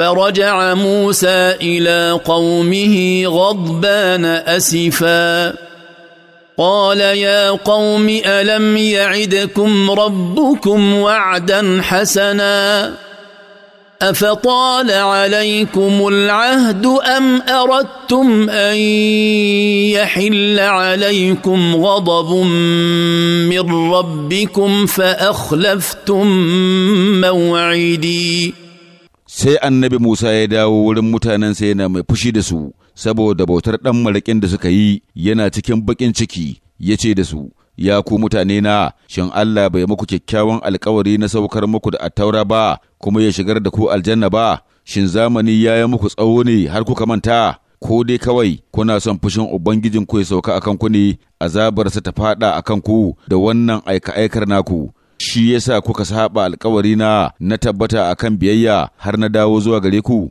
فرجع موسى الى قومه غضبان اسفا قال يا قوم الم يعدكم ربكم وعدا حسنا افطال عليكم العهد ام اردتم ان يحل عليكم غضب من ربكم فاخلفتم موعدي sai annabi Musa ya dawo wurin mutanensa yana mai fushi da su, saboda bautar ɗan maraƙin da suka yi yana cikin baƙin ciki, ya ce da su, Ya ku mutane na, shin Allah bai muku kyakkyawan alkawari na saukar muku da attaura ba, kuma ya shigar da ku aljanna ba, shin zamani ya yi muku tsawo ne har kuka manta, ko dai kawai kuna son fushin ubangijin ku ya sauka akan ku ne, azabarsa ta faɗa akan ku, da wannan aika-aikar naku. shi yasa kuka saba alkawari na na tabbata akan biyayya har na dawo zuwa gare ku